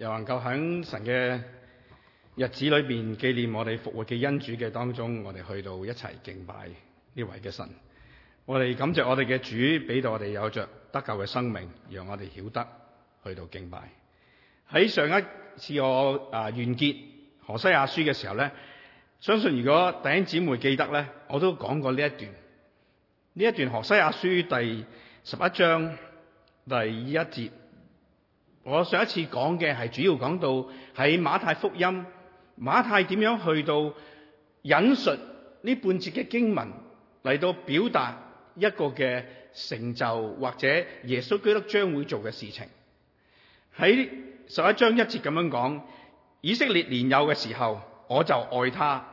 又能夠喺神嘅日子裏邊紀念我哋復活嘅恩主嘅當中，我哋去到一齊敬拜呢位嘅神。我哋感謝我哋嘅主俾到我哋有着得救嘅生命，讓我哋曉得去到敬拜。喺上一次我啊、呃、完結何西阿書嘅時候咧，相信如果弟兄姊妹記得咧，我都講過呢一段。呢一段何西阿書第十一章第一節。我上一次講嘅係主要講到喺馬太福音，馬太點樣去到引述呢半節嘅經文嚟到表達一個嘅成就或者耶穌基督將會做嘅事情。喺十一章一節咁樣講：以色列年幼嘅時候，我就愛他，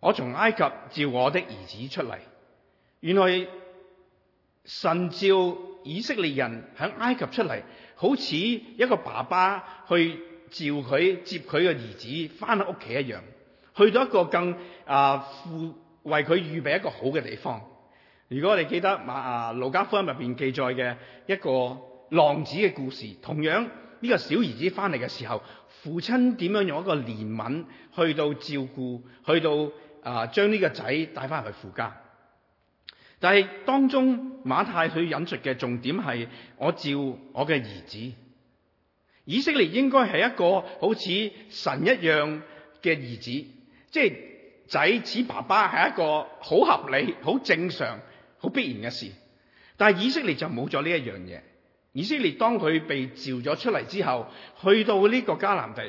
我從埃及召我的兒子出嚟。原來神召以色列人喺埃及出嚟。好似一個爸爸去照佢接佢嘅兒子翻屋企一樣，去到一個更啊父為佢預備一個好嘅地方。如果你記得《啊路加福音入邊記載嘅一個浪子嘅故事，同樣呢、這個小兒子翻嚟嘅時候，父親點樣用一個憐憫去到照顧，去到啊將呢個仔帶翻去父家。但係當中，馬太佢引述嘅重點係我召我嘅兒子。以色列應該係一個好似神一樣嘅兒子，即係仔似爸爸係一個好合理、好正常、好必然嘅事。但係以色列就冇咗呢一樣嘢。以色列當佢被召咗出嚟之後，去到呢個迦南地，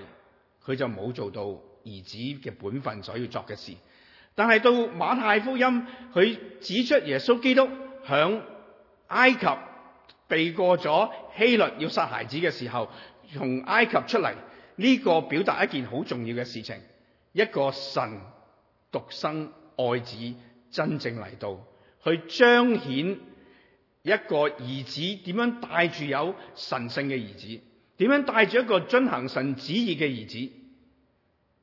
佢就冇做到兒子嘅本分所要做嘅事。但係到馬太福音，佢指出耶穌基督響埃及避過咗希律要殺孩子嘅時候，從埃及出嚟，呢個表達一件好重要嘅事情，一個神獨生愛子真正嚟到，去彰顯一個兒子點樣帶住有神聖嘅兒子，點樣帶住一個遵行神旨意嘅兒子，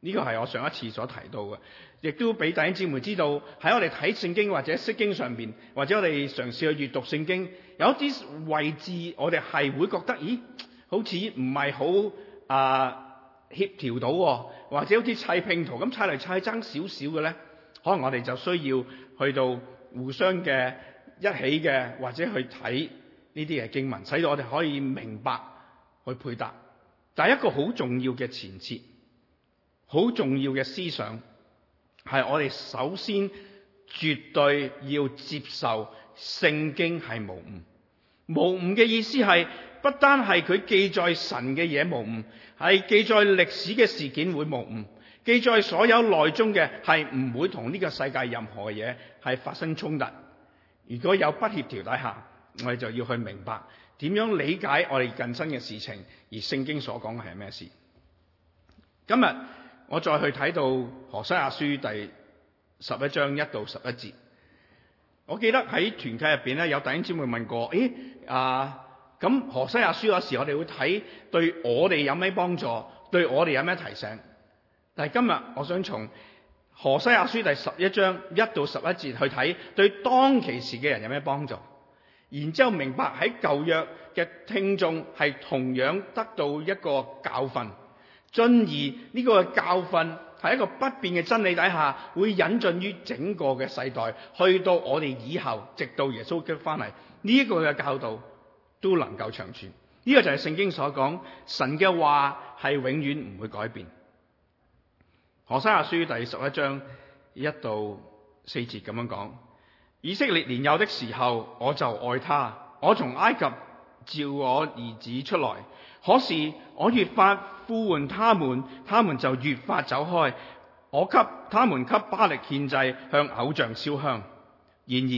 呢個係我上一次所提到嘅。亦都俾弟兄姊妹知道喺我哋睇聖經或者釋經上面，或者我哋嘗試去閲讀聖經，有啲位置我哋係會覺得咦，好似唔係好啊協調到，或者好似砌拼圖咁砌嚟砌爭少少嘅咧，可能我哋就需要去到互相嘅一起嘅，或者去睇呢啲嘅經文，使到我哋可以明白去配搭。但係一個好重要嘅前設，好重要嘅思想。係我哋首先絕對要接受聖經係無誤，無誤嘅意思係，不單係佢記載神嘅嘢無誤，係記載歷史嘅事件會無誤，記載所有內中嘅係唔會同呢個世界任何嘢係發生衝突。如果有不協調底下，我哋就要去明白點樣理解我哋近身嘅事情，而聖經所講嘅係咩事。今日。我再去睇到何西亞書第十一章一到十一節，我記得喺團契入邊咧有弟兄姊妹問過，誒、欸、啊，咁何西亞書嗰時我哋會睇對我哋有咩幫助，對我哋有咩提醒？但係今日我想從何西亞書第十一章一到十一節去睇對當其時嘅人有咩幫助，然之後明白喺舊約嘅聽眾係同樣得到一個教訓。進而呢個教訓係一個不變嘅真理底下，會引進於整個嘅世代，去到我哋以後，直到耶穌嘅翻嚟，呢、這、一個嘅教導都能夠長存。呢、這個就係聖經所講，神嘅話係永遠唔會改變。《何西阿書》第十一章一到四節咁樣講：以色列年幼的時候，我就愛他，我從埃及。召我兒子出來，可是我越發呼喚他們，他們就越發走開。我給他們給巴力獻祭，向偶像燒香。然而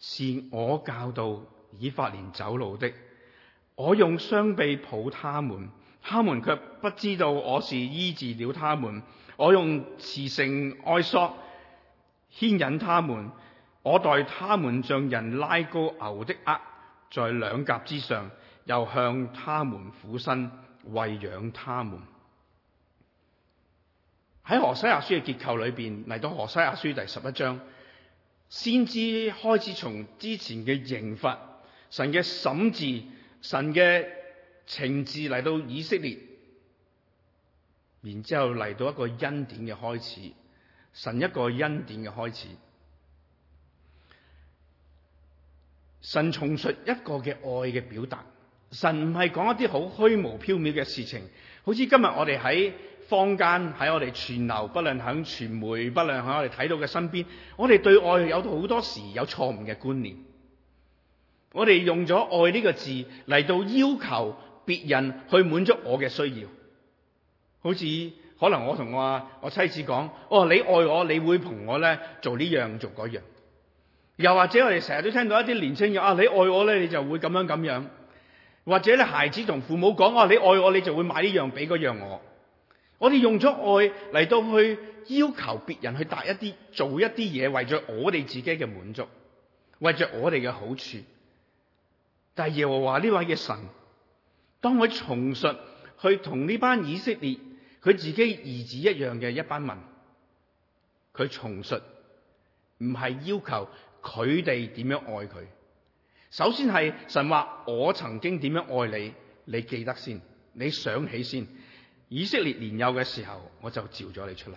是我教導以法蓮走路的，我用雙臂抱他們，他們卻不知道我是醫治了他們。我用慈繩愛索牽引他們，我待他們像人拉高牛的軛。在兩甲之上，又向他們俯身餵養他們。喺何西阿書嘅結構裏邊，嚟到何西阿書第十一章，先知開始從之前嘅刑罰、神嘅審判、神嘅懲治嚟到以色列，然之後嚟到一個恩典嘅開始，神一個恩典嘅開始。神重述一個嘅愛嘅表達，神唔係講一啲好虛無縹緲嘅事情，好似今日我哋喺坊間喺我哋傳流，不論喺傳媒，不論喺我哋睇到嘅身邊，我哋對愛有好多時有錯誤嘅觀念，我哋用咗愛呢個字嚟到要求別人去滿足我嘅需要，好似可能我同我我妻子講，哦，你愛我，你會同我咧做呢樣做嗰樣。做又或者我哋成日都聽到一啲年青人啊，你愛我咧，你就會咁樣咁樣；或者咧，孩子同父母講啊，你愛我，你就會買呢樣俾嗰樣我。我哋用咗愛嚟到去要求別人去達一啲、做一啲嘢，為咗我哋自己嘅滿足，為着我哋嘅好處。但係耶和華呢位嘅神，當佢重述去同呢班以色列佢自己兒子一樣嘅一班民，佢重述唔係要求。佢哋點樣愛佢？首先係神話，我曾經點樣愛你？你記得先，你想起先。以色列年幼嘅時候，我就召咗你出嚟。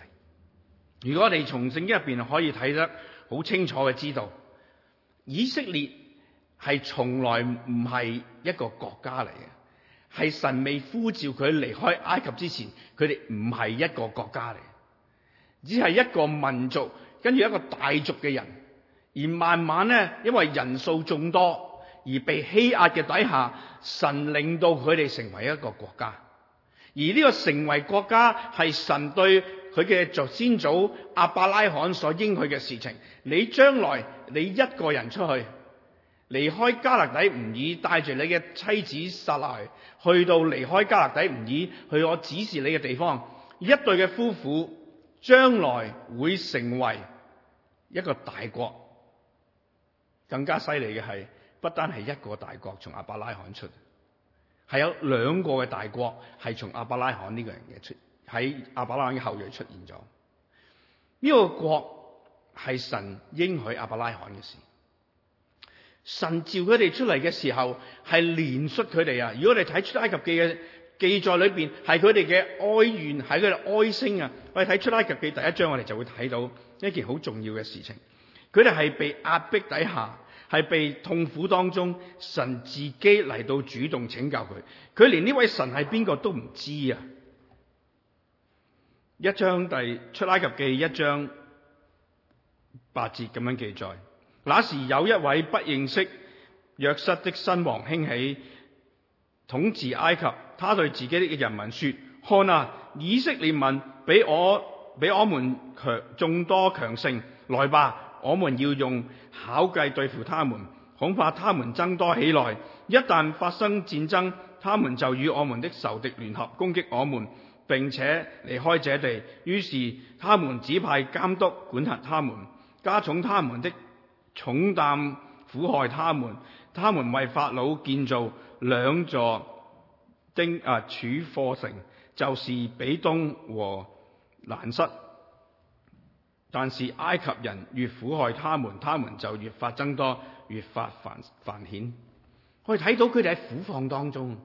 如果你從聖經入邊可以睇得好清楚嘅，知道以色列係從來唔係一個國家嚟嘅，係神未呼召佢離開埃及之前，佢哋唔係一個國家嚟，只係一個民族，跟住一個大族嘅人。而慢慢咧，因為人數眾多而被欺壓嘅底下，神令到佢哋成為一個國家。而呢個成為國家係神對佢嘅祖先祖阿伯拉罕所應許嘅事情。你將來你一個人出去離開加勒底吾爾，帶住你嘅妻子撒拉，去到離開加勒底吾爾去我指示你嘅地方，一對嘅夫婦將來會成為一個大國。更加犀利嘅係，不單係一個大國從阿伯拉罕出，係有兩個嘅大國係從阿伯拉罕呢個人嘅出，喺阿伯拉罕嘅後裔出現咗。呢個國係神應許阿伯拉罕嘅事，神召佢哋出嚟嘅時候係憐恤佢哋啊！如果你睇出埃及記嘅記載裏邊，係佢哋嘅哀怨，係佢哋哀聲啊！我哋睇出埃及記第一章，我哋就會睇到一件好重要嘅事情。佢哋係被壓迫底下，係被痛苦當中，神自己嚟到主動請教佢。佢連呢位神係邊個都唔知道啊！一章第《出埃及記》一章八節咁樣記載，嗱時有一位不認識約瑟的新王興起統治埃及，他對自己的人民說：「看啊，以色列民比我比我們強，眾多強盛，來吧！我們要用巧計對付他們，恐怕他們增多起來。一旦發生戰爭，他們就與我們的仇敵聯合攻擊我們，並且離開這地。於是他們指派監督管轄他們，加重他們的重擔，苦害他們。他們為法老建造兩座丁啊儲貨城，就是比東和蘭塞。但是埃及人越苦害他們，他們就越發增多，越發繁繁衍。可以睇到佢哋喺苦況當中，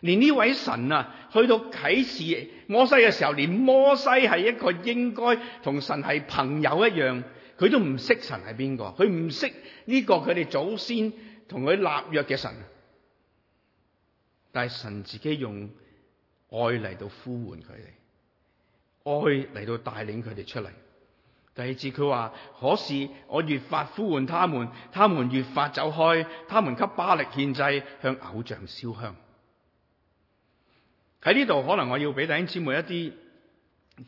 連呢位神啊，去到啟示摩西嘅時候，連摩西係一個應該同神係朋友一樣，佢都唔識神係邊個，佢唔識呢個佢哋祖先同佢立約嘅神。但係神自己用愛嚟到呼喚佢哋。我去嚟到帶領佢哋出嚟。第二節佢話：可是我越發呼喚他們，他們越發走開，他們給巴力獻祭，向偶像燒香。喺呢度可能我要俾弟兄姊妹一啲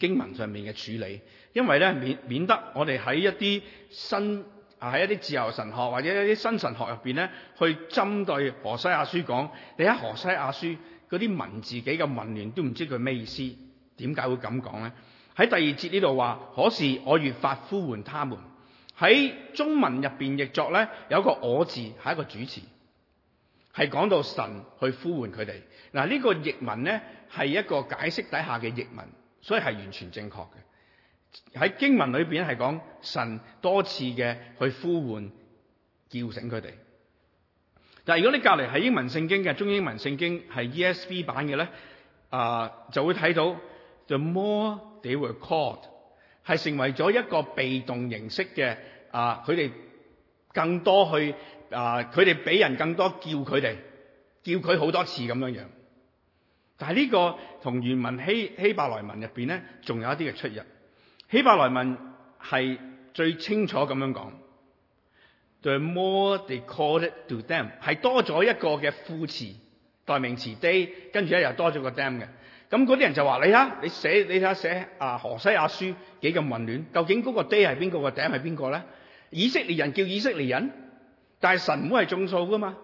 經文上面嘅處理，因為咧免免得我哋喺一啲新喺一啲自由神學或者一啲新神學入邊咧，去針對何西阿書講，你喺何西阿書嗰啲文字幾咁紊亂都唔知佢咩意思。點解會咁講呢？喺第二節呢度話，可是我越發呼喚他們。喺中文入邊譯作呢，有一個我字係一個主詞，係講到神去呼喚佢哋。嗱、這、呢個譯文呢，係一個解釋底下嘅譯文，所以係完全正確嘅。喺經文裏邊係講神多次嘅去呼喚叫醒佢哋。但係如果你隔籬係英文聖經嘅中英文聖經係 ESV 版嘅呢，啊、呃、就會睇到。The more they were called，係成為咗一個被動形式嘅啊！佢、呃、哋更多去啊，佢哋俾人更多叫佢哋叫佢好多次咁樣樣。但係呢個同原文希希伯來文入邊咧，仲有一啲嘅出入。希伯來文係最清楚咁樣講。The more they called it to them 係多咗一個嘅副詞代名詞 they，跟住咧又多咗個 them 嘅。咁嗰啲人就話，你下，你寫，你睇下寫啊何西亞書幾咁混亂，究竟嗰個爹係邊個，個頂係邊個咧？以色列人叫以色列人，但係神唔係眾數噶嘛？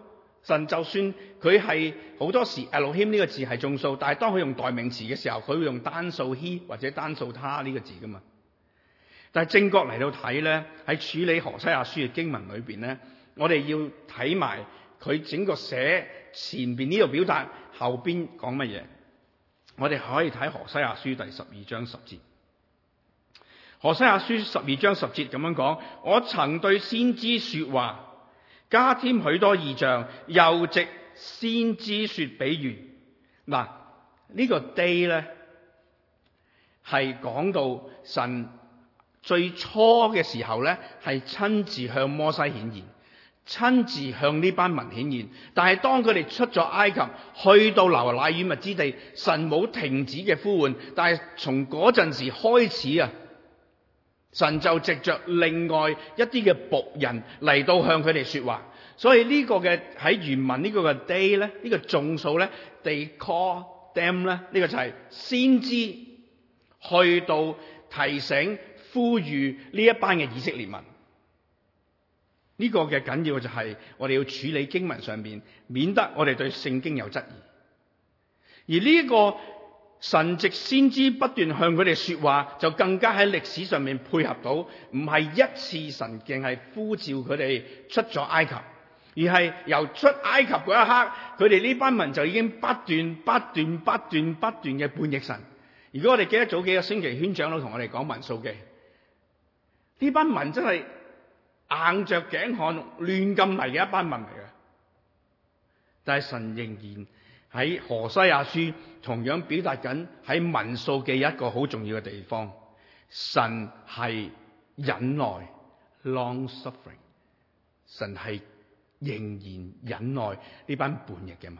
神就算佢係好多時 h i 謙呢個字係眾數，但係當佢用代名詞嘅時候，佢用單數 he 或者單數他呢個字噶嘛？但係正確嚟到睇咧，喺處理何西亞書嘅經文裏邊咧，我哋要睇埋佢整個寫前邊呢度表達，後邊講乜嘢。我哋可以睇何西亞書第十二章十節。何西亞書十二章十節咁樣講：我曾對先知說話，加添許多意象，又藉先知說比喻。嗱，呢、這個 day 咧係講到神最初嘅時候咧，係親自向摩西顯現。親自向呢班民顯現，但係當佢哋出咗埃及，去到流奶與蜜之地，神冇停止嘅呼喚，但係從嗰陣時開始啊，神就藉着另外一啲嘅僕人嚟到向佢哋說話，所以呢個嘅喺原文這個 day, 這個呢個嘅 day 咧，呢個眾數咧 they call them 咧，呢個就係先知去到提醒、呼籲呢一班嘅以色列民。呢、這個嘅緊要就係我哋要處理經文上面，免得我哋對聖經有質疑。而呢個神藉先知不斷向佢哋說話，就更加喺歷史上面配合到，唔係一次神淨係呼召佢哋出咗埃及，而係由出埃及嗰一刻，佢哋呢班民就已經不斷不斷不斷不斷嘅叛逆神。如果我哋記得早幾個星期圈長老同我哋講民數記，呢班民真係。硬着頸看亂咁嚟嘅一班民嚟嘅，但係神仍然喺何西阿書同樣表達緊喺民數嘅一個好重要嘅地方，神係忍耐 （long suffering），神係仍然忍耐呢班叛逆嘅民，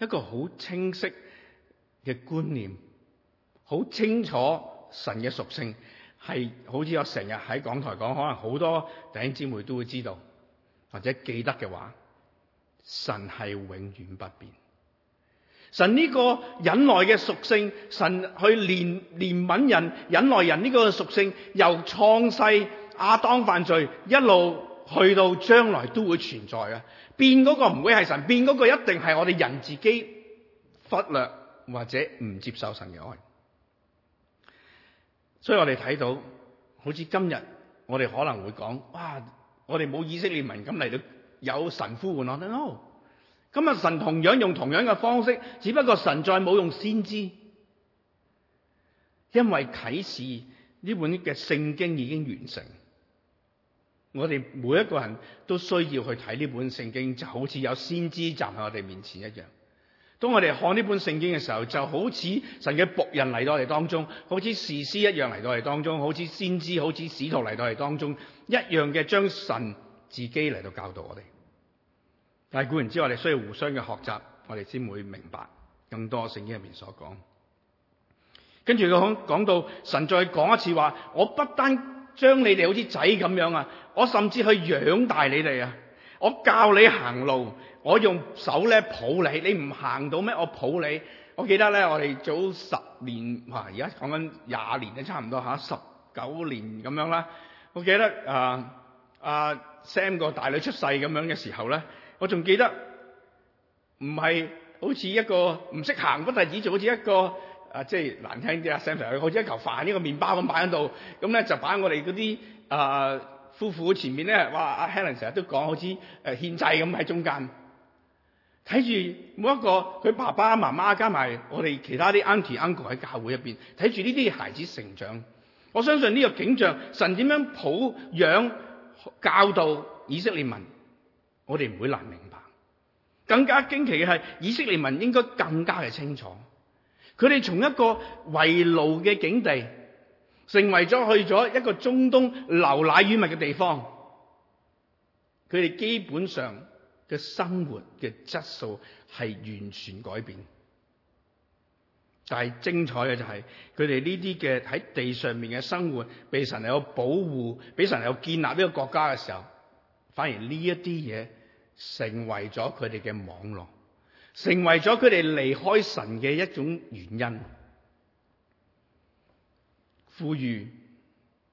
一個好清晰嘅觀念，好清楚神嘅屬性。係好似我成日喺港台講，可能好多弟兄姊妹都會知道或者記得嘅話，神係永遠不變。神呢個忍耐嘅屬性，神去憐憐憫人、忍耐人呢個屬性，由創世亞當犯罪一路去到將來都會存在啊，變嗰個唔會係神，變嗰個一定係我哋人自己忽略或者唔接受神嘅愛。所以我哋睇到，好似今日我哋可能會講，哇！我哋冇以色列民咁嚟到，有神呼喚我哋咯。咁啊，神同樣用同樣嘅方式，只不過神再冇用先知，因為啟示呢本嘅聖經已經完成。我哋每一個人都需要去睇呢本聖經，就好似有先知站喺我哋面前一樣。當我哋看呢本聖經嘅時候，就好似神嘅僕人嚟到我哋當中，好似士師一樣嚟到我哋當中，好似先知、好似使徒嚟到我哋當中，一樣嘅將神自己嚟到教導我哋。但係固然之，我哋需要互相嘅學習，我哋先會明白更多聖經入面所講。跟住佢講到神再講一次話，我不單將你哋好似仔咁樣啊，我甚至去養大你哋啊，我教你行路。我用手咧抱你，你唔行到咩？我抱你。我記得咧，我哋早十年，哇、啊！而家講緊廿年都差唔多吓，十、啊、九年咁樣啦。我記得、呃、啊，阿 Sam 個大女出世咁樣嘅時候咧，我仲記得唔係好似一個唔識行，不但止，就好似一個啊，即係難聽啲呀。Sam 好似一嚿飯，一個麵包咁擺喺度，咁咧就擺喺我哋嗰啲啊夫婦前面咧。哇！阿、啊、Helen 成日都講，好似誒獻祭咁喺中間。睇住每一個佢爸爸媽媽加埋我哋其他啲 uncle auntie 喺教會入邊睇住呢啲孩子成長，我相信呢個景象神點樣抱養教導以色列民，我哋唔會難明白。更加驚奇嘅係以色列民應該更加嘅清楚，佢哋從一個為奴嘅境地，成為咗去咗一個中東流奶與蜜嘅地方，佢哋基本上。嘅生活嘅質素係完全改變，但係精彩嘅就係佢哋呢啲嘅喺地上面嘅生活，被神有保護，俾神有建立呢個國家嘅時候，反而呢一啲嘢成為咗佢哋嘅網絡，成為咗佢哋離開神嘅一種原因，富裕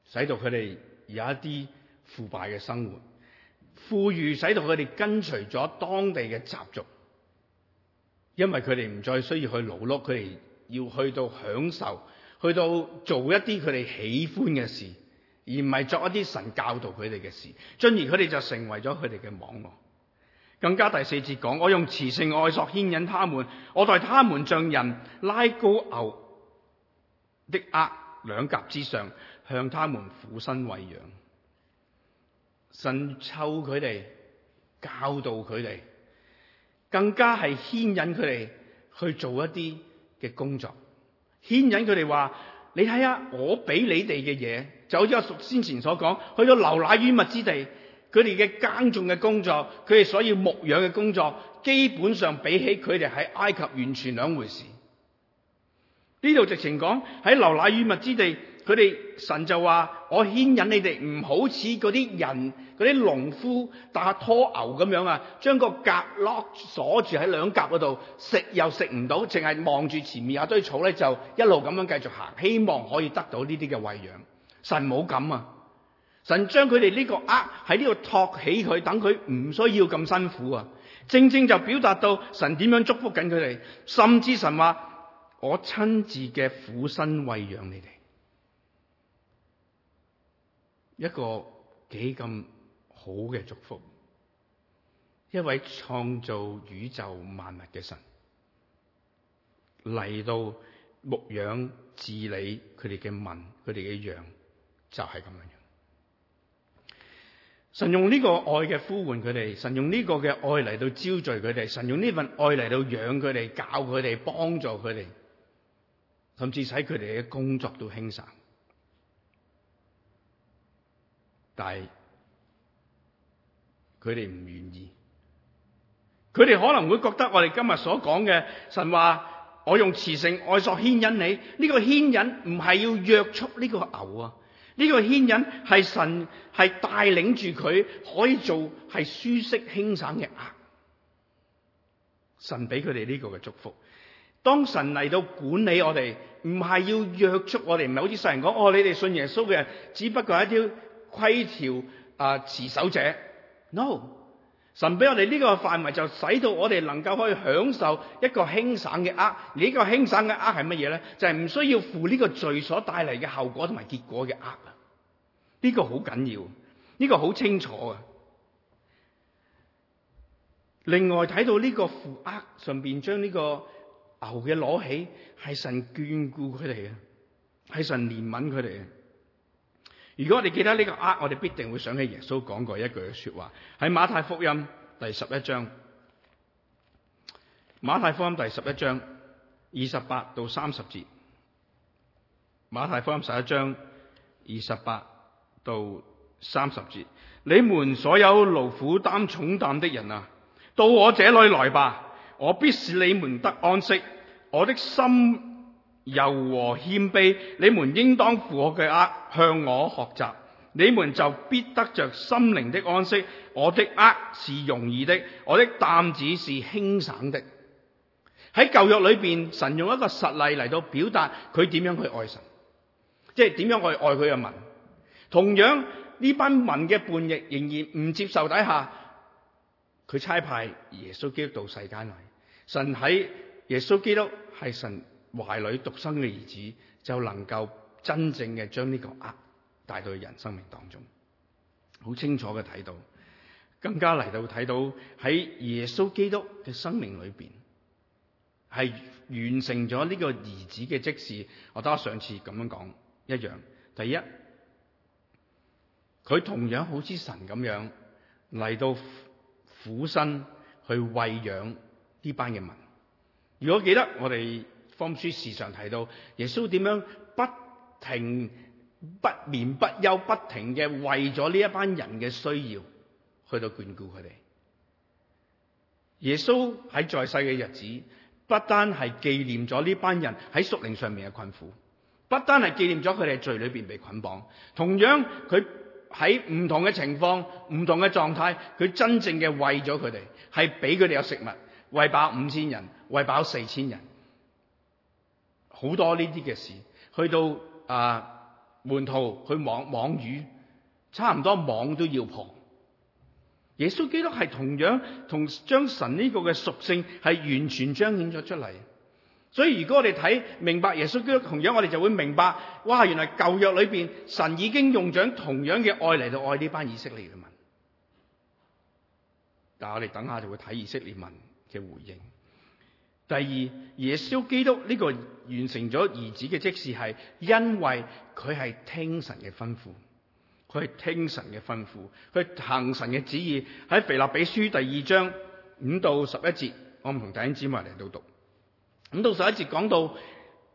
使到佢哋有一啲腐敗嘅生活。富裕使到佢哋跟隨咗當地嘅習俗，因為佢哋唔再需要去勞碌，佢哋要去到享受，去到做一啲佢哋喜歡嘅事，而唔係作一啲神教導佢哋嘅事。進而佢哋就成為咗佢哋嘅網羅。更加第四節講，我用慈繩愛索牽引他們，我待他們像人拉高牛的軛兩頰之上，向他們俯身餵養。神抽佢哋，教導佢哋，更加係牽引佢哋去做一啲嘅工作，牽引佢哋話：你睇下我俾你哋嘅嘢，就好似我先前所講，去咗流奶與蜜之地，佢哋嘅耕種嘅工作，佢哋所要牧養嘅工作，基本上比起佢哋喺埃及完全兩回事。呢度直情講喺流奶與蜜之地。佢哋神就話：我牽引你哋，唔好似嗰啲人、嗰啲農夫打拖牛咁樣啊，將個格 lock 鎖住喺兩格嗰度，食又食唔到，淨係望住前面有堆草咧，就一路咁樣繼續行，希望可以得到呢啲嘅餵養。神冇咁啊，神將佢哋呢個軛喺呢度托起佢，等佢唔需要咁辛苦啊。正正就表達到神點樣祝福緊佢哋，甚至神話：我親自嘅俯身餵養你哋。一個幾咁好嘅祝福，一位創造宇宙萬物嘅神嚟到牧養治理佢哋嘅民，佢哋嘅羊就係咁樣樣。神用呢個愛嘅呼喚佢哋，神用呢個嘅愛嚟到招聚佢哋，神用呢份愛嚟到養佢哋、教佢哋、幫助佢哋，甚至使佢哋嘅工作都輕散。但係佢哋唔願意，佢哋可能會覺得我哋今日所講嘅神話，我用慈繩愛索牽引你，呢個牽引唔係要約束呢個牛啊，呢個牽引係神係帶領住佢可以做係舒適輕省嘅軛，神俾佢哋呢個嘅祝福。當神嚟到管理我哋，唔係要約束我哋，唔係好似世人講哦，你哋信耶穌嘅人，只不過一啲。規條啊，持守者，no，神俾我哋呢個範圍就使到我哋能夠可以享受一個輕省嘅軛。而呢個輕省嘅軛係乜嘢咧？就係、是、唔需要負呢個罪所帶嚟嘅後果同埋結果嘅軛。啊！呢個好緊要，呢、呢個好清楚啊！另外睇到呢個負軛，上便將呢個牛嘅攞起，係神眷顧佢哋啊，係神憐憫佢哋啊！如果我哋記得呢個呃，我哋必定會想起耶穌講過一句說話，喺馬太福音第十一章。馬太福音第十一章二十八到三十節。馬太福音十一章二十八到三十節。你們所有勞苦擔重擔的人啊，到我這裏來吧，我必使你們得安息。我的心，柔和謙卑，你們應當負我嘅軛，向我學習，你們就必得着心靈的安息。我的軛是容易的，我的擔子是輕省的。喺舊約裏邊，神用一個實例嚟到表達佢點樣去愛神，即係點樣去愛佢嘅民。同樣呢班民嘅叛逆仍然唔接受底下，佢差派耶穌基督到世間來。神喺耶穌基督係神。懷裡獨生嘅兒子就能夠真正嘅將呢個愛帶到去人生命當中。好清楚嘅睇到，更加嚟到睇到喺耶穌基督嘅生命裏邊，係完成咗呢個兒子嘅職事。我得上次咁樣講一樣，第一，佢同樣好似神咁樣嚟到俯身去餵養呢班嘅民。如果記得我哋。福音書時常提到耶穌點樣不停不眠不休，不停嘅，為咗呢一班人嘅需要去到眷顧佢哋。耶穌喺在，在世嘅日子，不單係紀念咗呢班人喺屬靈上面嘅困苦，不單係紀念咗佢哋罪裏邊被捆綁。同樣同，佢喺唔同嘅情況、唔同嘅狀態，佢真正嘅為咗佢哋，係俾佢哋有食物，餵飽五千人，餵飽四千人。好多呢啲嘅事，去到啊、呃、門徒去網網魚，差唔多網都要破。耶穌基督係同樣同將神呢個嘅屬性係完全彰顯咗出嚟。所以如果我哋睇明白耶穌基督同樣，我哋就會明白，哇！原來舊約裏邊神已經用咗同樣嘅愛嚟到愛呢班以色列嘅民。但係我哋等下就會睇以色列民嘅回應。第二，耶穌基督呢個完成咗兒子嘅職事，係因為佢係聽神嘅吩咐，佢係聽神嘅吩咐，佢行神嘅旨意。喺腓立比書第二章五到十一節，我唔同弟兄姊妹嚟到讀。五到十一節講到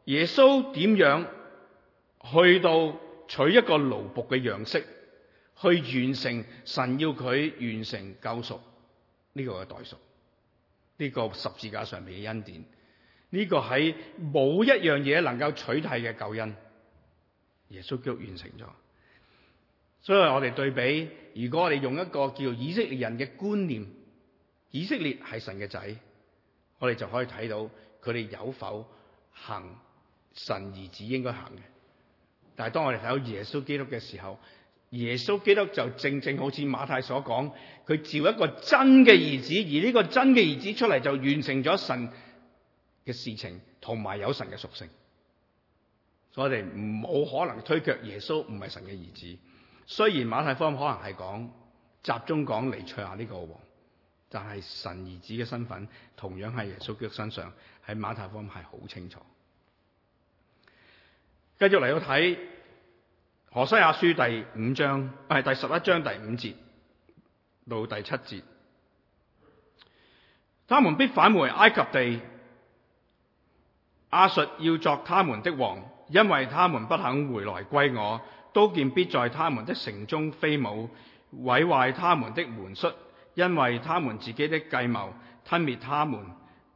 耶穌點樣去到取一個奴僕嘅樣式，去完成神要佢完成救贖呢、這個嘅代贖。呢、這個十字架上面嘅恩典，呢、這個喺冇一樣嘢能夠取代嘅救恩，耶穌基督完成咗。所以，我哋對比，如果我哋用一個叫以色列人嘅觀念，以色列係神嘅仔，我哋就可以睇到佢哋有否行神兒子應該行嘅。但係當我哋睇到耶穌基督嘅時候，耶穌基督就正正好似馬太所講，佢召一個真嘅兒子，而呢個真嘅兒子出嚟就完成咗神嘅事情，同埋有神嘅屬性。我哋冇可能推卻耶穌唔係神嘅兒子。雖然馬太福音可能係講集中講彌賽亞呢個王，但係神兒子嘅身份同樣係耶穌基督身上，喺馬太福音係好清楚。繼續嚟到睇。何西阿書第五章係第十一章第五節到第七節，他們必返回埃及地。亞述要作他們的王，因為他們不肯回來歸我，刀劍必在他們的城中飛舞，毀壞他們的門術，因為他們自己的計謀吞滅他們。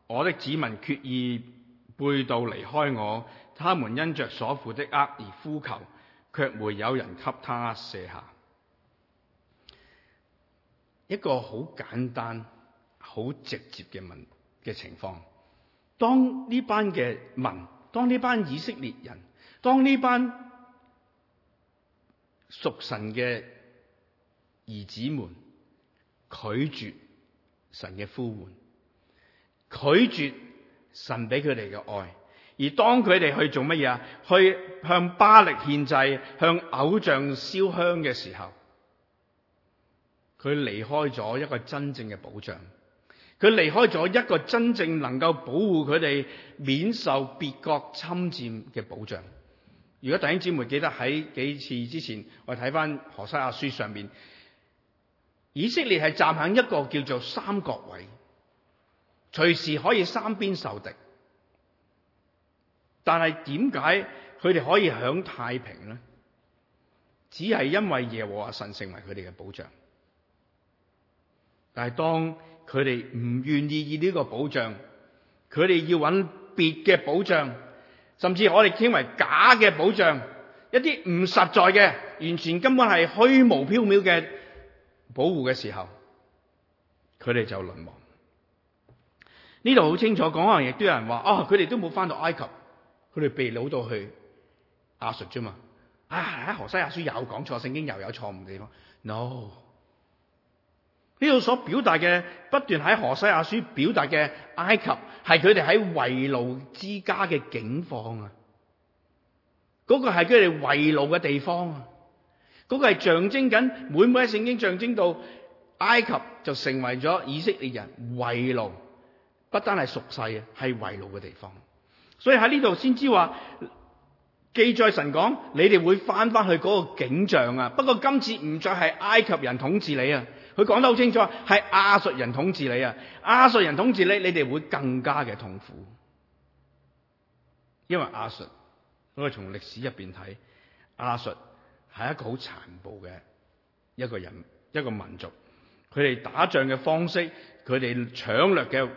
我的子民決意背道離開我，他們因着所負的軛而呼求。卻沒有人給他寫下一個好簡單、好直接嘅問嘅情況。當呢班嘅民，當呢班以色列人，當呢班屬神嘅兒子們拒絕神嘅呼喚，拒絕神俾佢哋嘅愛。而當佢哋去做乜嘢啊？去向巴力獻祭，向偶像燒香嘅時候，佢離開咗一個真正嘅保障，佢離開咗一個真正能夠保護佢哋免受別國侵佔嘅保障。如果弟兄姊妹記得喺幾次之前，我睇翻何西阿書上面，以色列係站喺一個叫做三角位，隨時可以三邊受敵。但係點解佢哋可以響太平咧？只係因為耶和華神成為佢哋嘅保障。但係當佢哋唔願意以呢個保障，佢哋要搵別嘅保障，甚至我哋稱為假嘅保障，一啲唔實在嘅，完全根本係虛無縹緲嘅保護嘅時候，佢哋就淪亡。呢度好清楚，講可能亦都有人話：，啊、哦，佢哋都冇翻到埃及。佢哋被擄到去亞述啫嘛？啊，喺、啊、何西阿書又講錯聖經又有錯誤的地方。No，呢度所表達嘅不斷喺何西阿書表達嘅埃及，係佢哋喺為奴之家嘅境況啊！嗰、那個係佢哋為奴嘅地方啊！嗰、那個係象徵緊，每每本聖經象徵到埃及就成為咗以色列人為奴，不單係屬世啊，係為奴嘅地方。所以喺呢度先知話記載神講，你哋會翻翻去嗰個景象啊，不過今次唔再係埃及人統治你啊，佢講得好清楚，係亞述人統治你啊，亞述人統治你，你哋會更加嘅痛苦，因為亞述，我哋從歷史入邊睇，亞述係一個好殘暴嘅一個人一個民族，佢哋打仗嘅方式，佢哋搶掠嘅。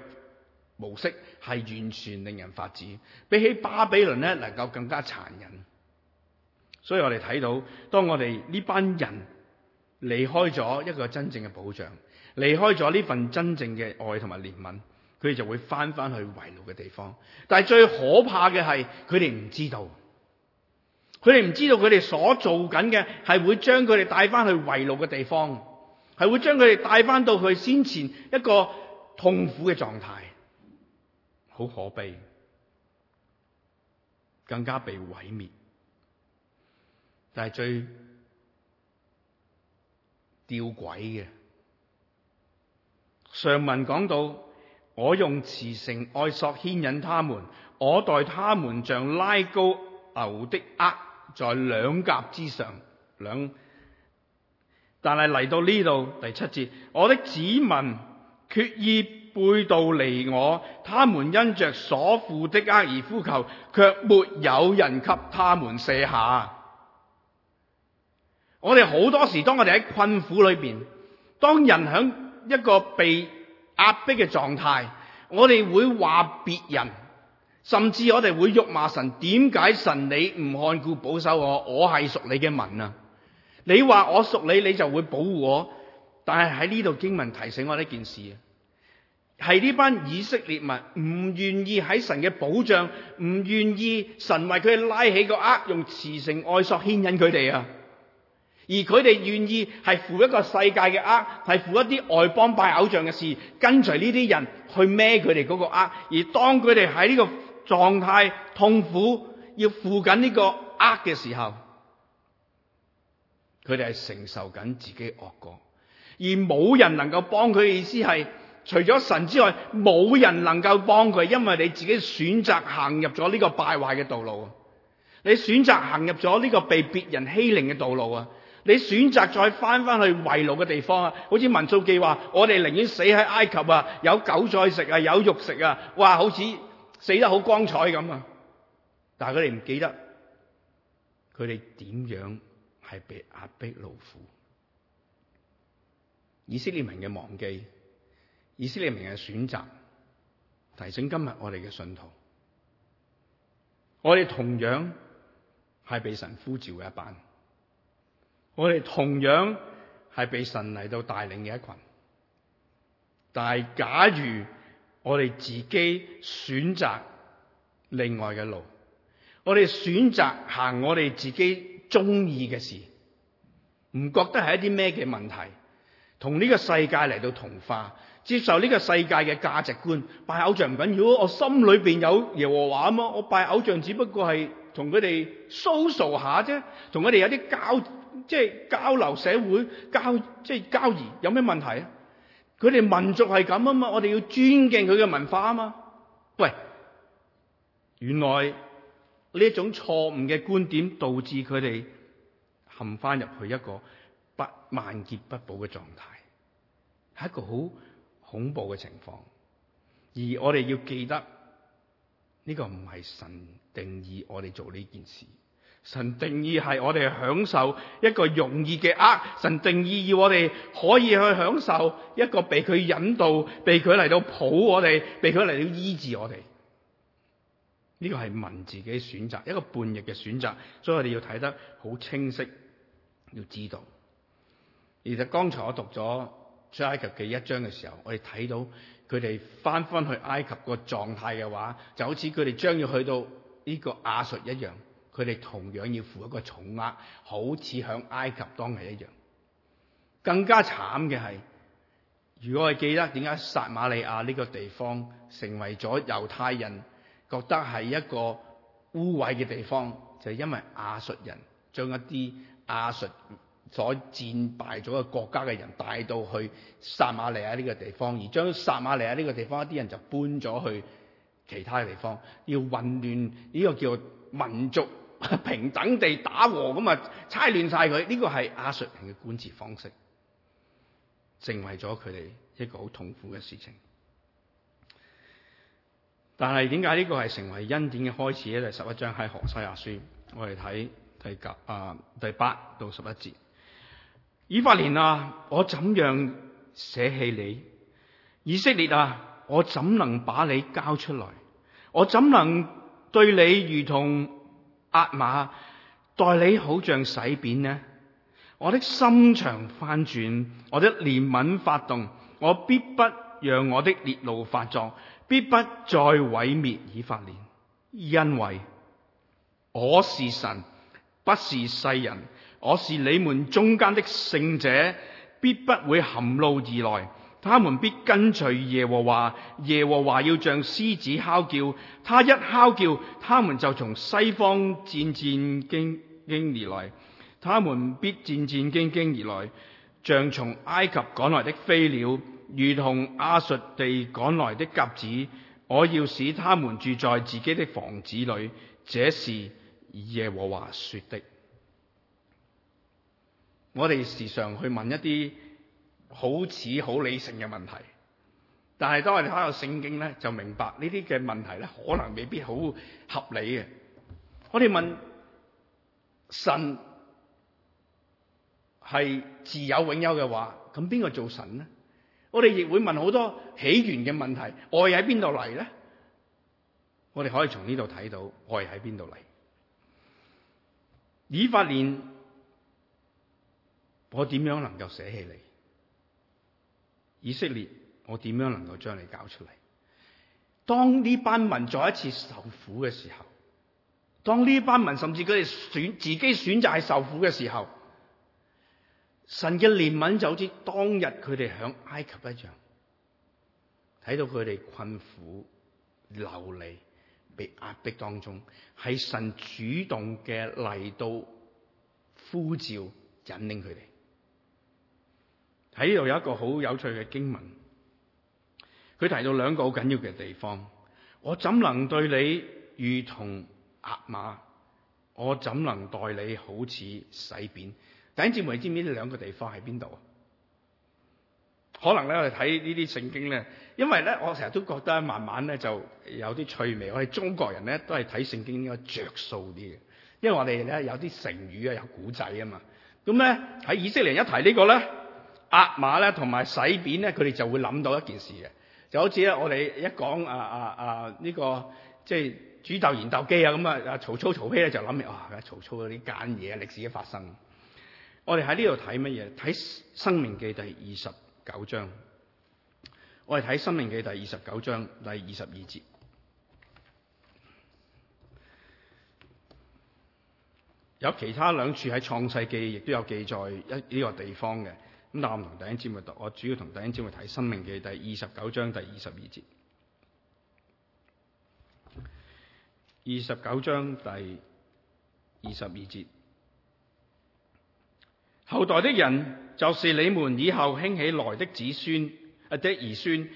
模式係完全令人髮指，比起巴比倫咧，能夠更加殘忍。所以我哋睇到，當我哋呢班人離開咗一個真正嘅保障，離開咗呢份真正嘅愛同埋憐憫，佢哋就會返返去圍路嘅地方。但係最可怕嘅係，佢哋唔知道，佢哋唔知道佢哋所做緊嘅係會將佢哋帶返去圍路嘅地方，係會將佢哋帶返到佢先前一個痛苦嘅狀態。好可悲，更加被毀滅，但係最吊詭嘅。上文講到，我用慈繩愛索牽引他們，我待他們像拉高牛的軛在兩甲之上，兩。但係嚟到呢度第七節，我的子民決意。背道離我，他們因着所負的厄而呼求，卻沒有人給他們卸下。我哋好多時，當我哋喺困苦裏邊，當人喺一個被壓迫嘅狀態，我哋會話別人，甚至我哋會辱罵神。點解神你唔看顧保守我？我係屬你嘅民啊！你話我屬你，你就會保護我。但係喺呢度經文提醒我呢件事。係呢班以色列民唔願意喺神嘅保障，唔願意神為佢哋拉起個軛，用慈繩愛索牽引佢哋啊！而佢哋願意係負一個世界嘅軛，係負一啲外邦拜偶像嘅事，跟隨呢啲人去孭佢哋嗰個軛。而當佢哋喺呢個狀態痛苦要負緊呢個軛嘅時候，佢哋係承受緊自己惡果，而冇人能夠幫佢。意思係。除咗神之外，冇人能夠幫佢，因為你自己選擇行入咗呢個敗壞嘅道路啊！你選擇行入咗呢個被別人欺凌嘅道路啊！你選擇再翻翻去為奴嘅地方啊！好似民數記話：我哋寧願死喺埃及啊，有韭菜食啊，有肉食啊，哇，好似死得好光彩咁啊！但係佢哋唔記得佢哋點樣係被壓迫勞苦，以色列民嘅忘記。以色列民嘅選擇，提醒今日我哋嘅信徒，我哋同樣係被神呼召嘅一班，我哋同樣係被神嚟到帶領嘅一群。但係假如我哋自己選擇另外嘅路，我哋選擇行我哋自己中意嘅事，唔覺得係一啲咩嘅問題，同呢個世界嚟到同化。接受呢個世界嘅價值觀，拜偶像唔緊要。如果我心裏邊有耶和華啊嘛，我拜偶像只不過係同佢哋 social 下啫，同佢哋有啲交，即係交流、社會交，即係交誼，有咩問題啊？佢哋民族係咁啊嘛，我哋要尊敬佢嘅文化啊嘛。喂，原來呢一種錯誤嘅觀點導致佢哋陷翻入去一個不萬劫不保嘅狀態，係一個好恐怖嘅情況，而我哋要記得呢個唔係神定義我哋做呢件事，神定義係我哋享受一個容易嘅軛，神定義要我哋可以去享受一個被佢引導、被佢嚟到抱我哋、被佢嚟到醫治我哋。呢個係民自己選擇一個叛逆嘅選擇，所以我哋要睇得好清晰，要知道。其實剛才我讀咗。出埃及一張嘅時候，我哋睇到佢哋翻返去埃及個狀態嘅話，就好似佢哋將要去到呢個亞述一樣，佢哋同樣要負一個重壓，好似響埃及當日一樣。更加慘嘅係，如果我哋記得點解撒瑪利亞呢個地方成為咗猶太人覺得係一個污穢嘅地方，就係、是、因為亞述人將一啲亞述所戰敗咗嘅國家嘅人帶到去撒瑪利亞呢個地方，而將撒瑪利亞呢個地方一啲人就搬咗去其他地方，要混亂呢個叫民族平等地打和咁，啊猜亂曬佢，呢個係阿述平嘅管治方式，成為咗佢哋一個好痛苦嘅事情。但係點解呢個係成為恩典嘅開始咧？就十一章喺何西亞書，我哋睇第九啊第八到十一節。以法蓮啊，我怎樣捨棄你？以色列啊，我怎能把你交出來？我怎能對你如同押瑪待你，好像洗扁呢？我的心腸翻轉，我的憐憫發動，我必不讓我的烈怒發作，必不再毀滅以法蓮，因為我是神，不是世人。我是你們中間的聖者，必不會含怒而來，他們必跟隨耶和華。耶和華要像獅子哮叫，他一哮叫，他們就從西方戰戰兢兢而來，他們必戰戰兢兢而來，像從埃及趕來的飛鳥，如同亞述地趕來的鴿子。我要使他們住在自己的房子裏，這是耶和華說的。我哋時常去問一啲好似好理性嘅問題，但係當我哋睇到聖經咧，就明白呢啲嘅問題咧，可能未必好合理嘅。我哋問神係自有永有嘅話，咁邊個做神呢？我哋亦會問好多起源嘅問題，愛喺邊度嚟咧？我哋可以從呢度睇到愛喺邊度嚟。以法蓮。我點樣能夠捨棄你？以色列，我點樣能夠將你搞出嚟？當呢班民再一次受苦嘅時候，當呢班民甚至佢哋選自己選擇係受苦嘅時候，神嘅憐憫就好似當日佢哋響埃及一樣，睇到佢哋困苦流離被壓迫當中，係神主動嘅嚟到呼召引領佢哋。喺呢度有一個好有趣嘅經文，佢提到兩個好緊要嘅地方。我怎能對你如同押瑪？我怎能待你好似洗扁？第一節經文，你知唔知呢兩個地方喺邊度？可能咧我哋睇呢啲聖經咧，因為咧我成日都覺得慢慢咧就有啲趣味。我哋中國人咧都係睇聖經應該着數啲嘅，因為我哋咧有啲成語啊，有古仔啊嘛。咁咧喺以色列人一提這個呢個咧。押瑪咧，同埋洗扁咧，佢哋就會諗到一件事嘅。就好似咧，我哋一講啊啊啊呢個即係煮豆燃豆萁啊咁啊，啊、啊、這個、曹操曹丕咧就諗起哇！曹操嗰啲奸嘢歷史嘅發生。我哋喺呢度睇乜嘢？睇《申命記》第二十九章。我哋睇《申命記》第二十九章第二十二節。有其他兩處喺《創世記》亦都有記載一呢個地方嘅。咁唔同第一章我主要同第一章閱睇申命記第二十九章第二十二節。二十九章第二十二節，後代的人就是你們以後興起來的子孫，的兒孫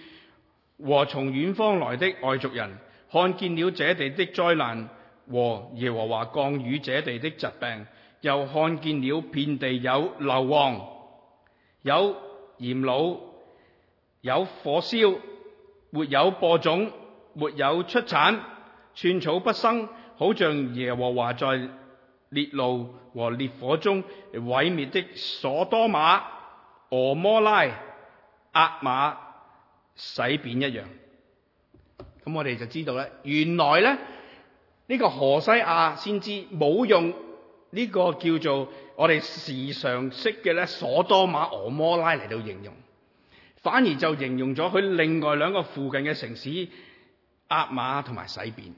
和從遠方來的外族人，看見了這地的災難和耶和華降雨這地的疾病，又看見了遍地有硫磺。有鹽鹵，有火燒，沒有播種，沒有出產，寸草不生，好像耶和華在烈怒和烈火中毀滅的所多瑪、俄摩拉、押瑪洗扁一樣。咁我哋就知道咧，原來咧呢、這個何西阿先知冇用呢個叫做。我哋時常識嘅咧，所多瑪、俄摩拉嚟到形容，反而就形容咗佢另外兩個附近嘅城市押瑪同埋洗便。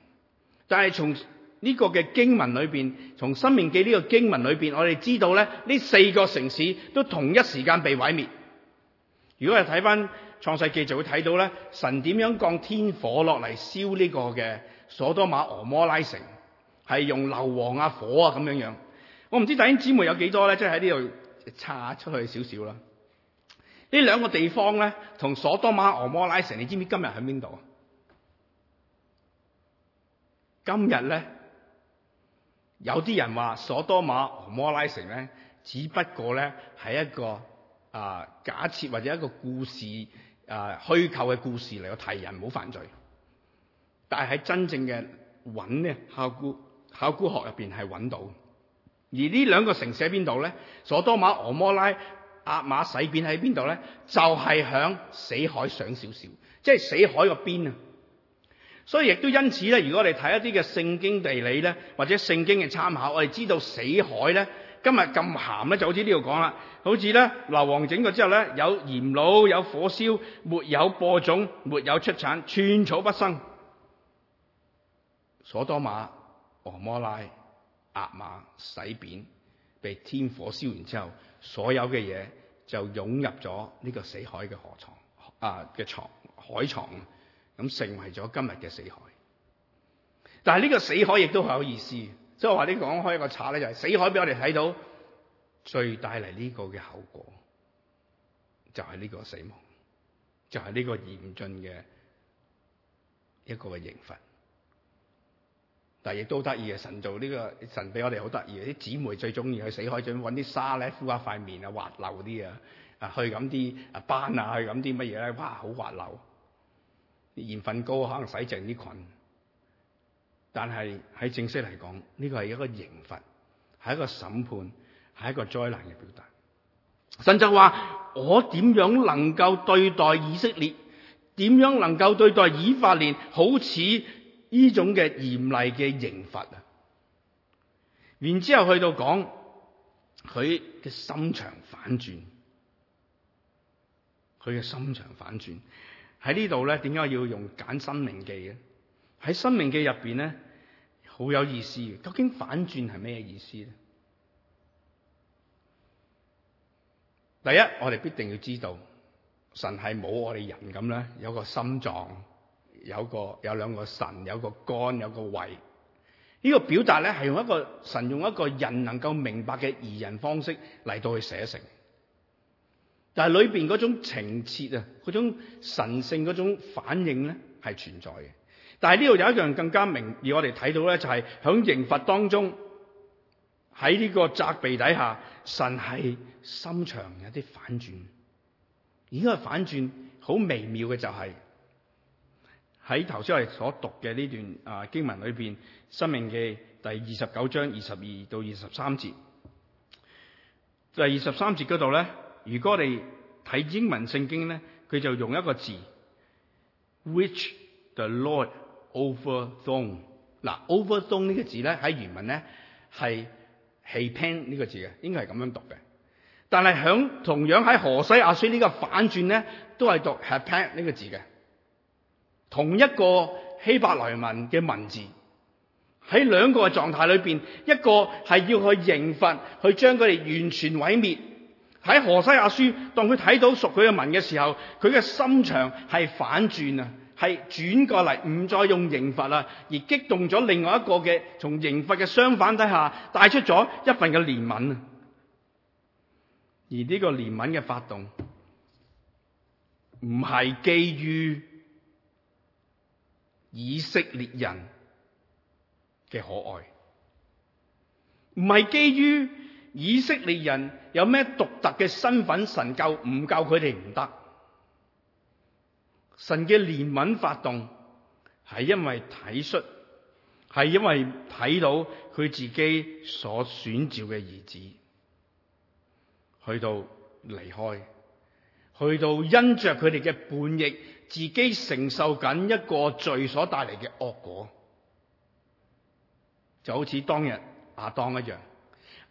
但係從呢個嘅經文裏面，從申命記呢個經文裏面，我哋知道咧，呢四個城市都同一時間被毀滅。如果係睇翻創世記，就會睇到咧，神點樣降天火落嚟燒呢個嘅所多瑪、俄摩拉城，係用硫磺啊、火啊咁樣樣。我唔知弟兄姊妹有幾多咧，即係喺呢度插出去少少啦。呢兩個地方咧，同索多瑪、俄摩拉城，你知唔知今日喺邊度啊？今日咧，有啲人話索多瑪、俄摩拉城咧，只不過咧係一個啊、呃、假設或者一個故事啊、呃、虛構嘅故事嚟，提人唔好犯罪。但係喺真正嘅揾咧，考古考古學入面係揾到。而呢兩個城市喺邊度咧？所多瑪、俄摩拉、押瑪、洗扁喺邊度咧？就係、是、響死海上少少，即係死海個邊啊！所以亦都因此咧，如果你睇一啲嘅聖經地理咧，或者聖經嘅參考，我哋知道死海咧，今日咁鹹咧，就好似呢度講啦，好似咧，硫磺整過之後咧，有鹽鹵，有火燒，沒有播種，沒有出產，寸草不生。所多瑪、俄摩拉。押瑪、洗扁被天火燒完之後，所有嘅嘢就湧入咗呢個死海嘅河床啊，嘅床海床，咁成為咗今日嘅死海。但係呢個死海亦都好有意思，即係我話你講開一個岔咧，就係、是、死海俾我哋睇到最帶嚟呢個嘅後果，就係、是、呢個死亡，就係、是、呢個嚴峻嘅一個嘅刑罰。但亦都得意啊！神做呢個神俾我哋好得意啊！啲姊妹最中意去死海，想搵啲沙咧敷下塊面啊，滑溜啲啊，啊去咁啲斑啊，去咁啲乜嘢咧，哇，好滑溜！鹽分高可能洗淨啲菌，但係喺正式嚟講，呢個係一個刑罰，係一個審判，係一個災難嘅表達。神就話：我點樣能夠對待以色列？點樣能夠對待以法蓮？好似……呢種嘅嚴厲嘅刑罰啊，然之後去到講佢嘅心腸反轉，佢嘅心腸反轉喺呢度咧，點解要用揀生命記咧？喺生命記入邊咧，好有意思。究竟反轉係咩意思咧？第一，我哋必定要知道神係冇我哋人咁咧，有個心臟。有個有兩個腎，有個肝，有個胃。呢、這個表達咧係用一個神用一個人能夠明白嘅擬人方式嚟到去寫成，但係裏邊嗰種情切啊，嗰種神性嗰種反應咧係存在嘅。但係呢度有一樣更加明，而我哋睇到咧就係、是、響刑罰當中，喺呢個責備底下，神係心腸有啲反轉。而呢個反轉好微妙嘅就係、是。喺頭先我哋所讀嘅呢段啊經文裏面，申命記》第二十九章二十二到二十三節，第二十三節嗰度咧，如果我哋睇英文聖經咧，佢就用一個字，which the Lord overthrew。嗱，overthrew 呢個字咧喺原文咧係 happen 呢個字嘅，應該係咁樣讀嘅。但係同樣喺何西阿書呢個反轉咧，都係讀 happen 呢個字嘅。同一個希伯來文嘅文字喺兩個狀態裏邊，一個係要去刑罰，去將佢哋完全毀滅。喺何西阿書，當佢睇到屬佢嘅民嘅時候，佢嘅心腸係反轉啊，係轉過嚟，唔再用刑罰啦，而激動咗另外一個嘅從刑罰嘅相反底下帶出咗一份嘅憐憫啊。而呢個憐憫嘅發動唔係基於。以色列人嘅可愛，唔係基於以色列人有咩獨特嘅身份，神救唔救佢哋唔得。神嘅憐憫發動係因為體恤，係因為睇到佢自己所選召嘅兒子去到離開。去到因着佢哋嘅叛逆，自己承受緊一個罪所帶嚟嘅惡果，就好似當日亞當一樣。